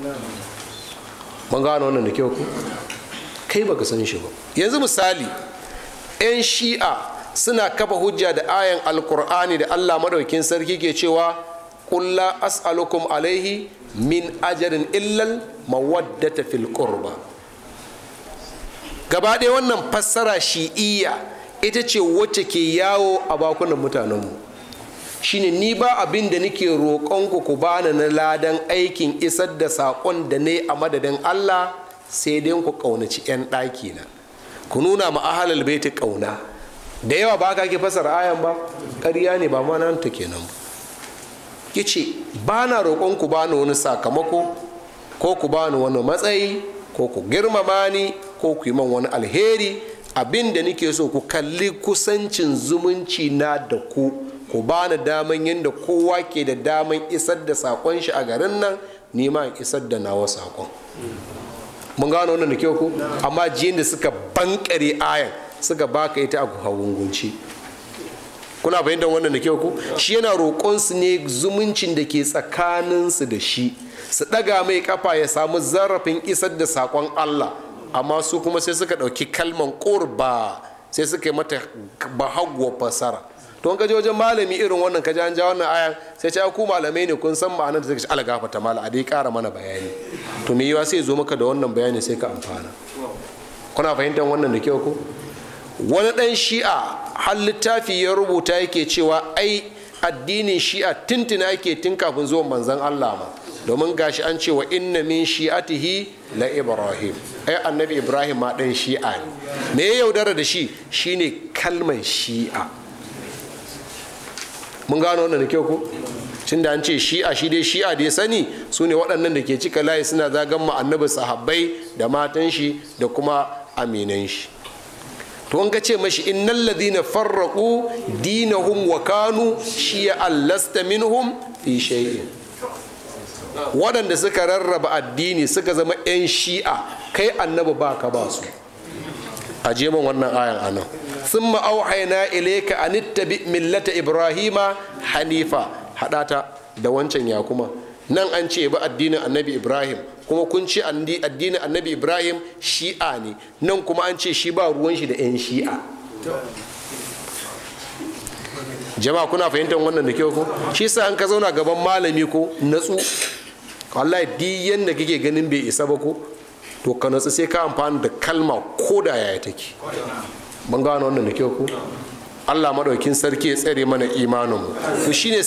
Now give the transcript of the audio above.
mun gano wannan da kyau ku kai baka san shi ba yanzu misali 'yan shi'a suna kafa hujja da ayan alkur'ani da allah madaukin sarki ke cewa kulla as'alukum alaihi min ajarin illal mawaddata fil qurba gaba ɗaya wannan fassara shi'iyya ita ce wacce ke yawo a bakunan mutanenmu shine ni ba abin da nake roƙonku ku bani na ladan aikin isar da saƙon da ne a madadin Allah sai dai ku ƙaunaci 'yan ɗaki na ku nuna ma ahalal baiti kauna. da yawa ba ka ke fasara ayan ba ƙarya ne ba ma nan ta kenan ya ce ba na roƙon ku bani wani sakamako ko ku bani wani matsayi ko ku girmama ni ko ku yi man wani alheri abin da nake so ku kalli kusancin zumunci na da ku ku bani daman yadda kowa ke da daman isar da sakon shi a garin nan nema in isar da nawa sakon mun gano wannan da kyau ku amma jiyan da suka bankare ayan suka baka ita a gunguci kuna fahimtar wannan da kyau ku shi yana roƙon su ne zumuncin da ke tsakanin su da shi su ɗaga mai kafa ya samu zarafin isar da sakon Allah amma su kuma sai suka ɗauki kalman ƙorba sai suka yi mata bahaguwa fasara to ka je wajen malami irin wannan ka ji an ja wannan aya sai ce ku malamai ne kun san ma'anar da take ala gafarta mala a dai kara mana bayani to me yiwa sai zo maka da wannan bayani sai ka amfana kuna fahimtar wannan da kyau ko wani dan shi'a har littafi ya rubuta yake cewa ai addinin shi'a tintina yake tun kafin zuwan manzon Allah ma domin gashi an cewa inna min shi'atihi la ibrahim ai annabi ibrahim ma dan shi'a ne me ya yaudara da shi shine kalman shi'a mun gano wannan da kyau ko tun da an ce shi'a shi dai shi'a da ya sani su ne waɗannan da ke cika layi suna zagan annabi sahabbai da matan shi da kuma aminan shi to an ka ce mashi innal ladina farraku dinahum wa kanu shi'an allasta minhum fi shay'in waɗanda suka rarraba addini suka zama 'yan shi'a kai annabi ba ka ba su a jeman wannan ayan anan sun ma'auhaina ilaika an ittabi millata ibrahima hanifa haɗata da wancan ya kuma nan an ce ba addinin annabi ibrahim kuma kun ce addinin annabi ibrahim shi'a ne nan kuma an ce shi ba ruwan shi da 'yan shi'a jama'a kuna fahimtar wannan da kyau shi sa an ka zauna gaban malami ko natsu wallahi di yanda kake ganin bai isa ba ko to ka natsu sai ka amfani da kalma ko da yaya take mun gano wannan da kyau ku Allah madaukin sarki ya tsare mana imanin mu to shine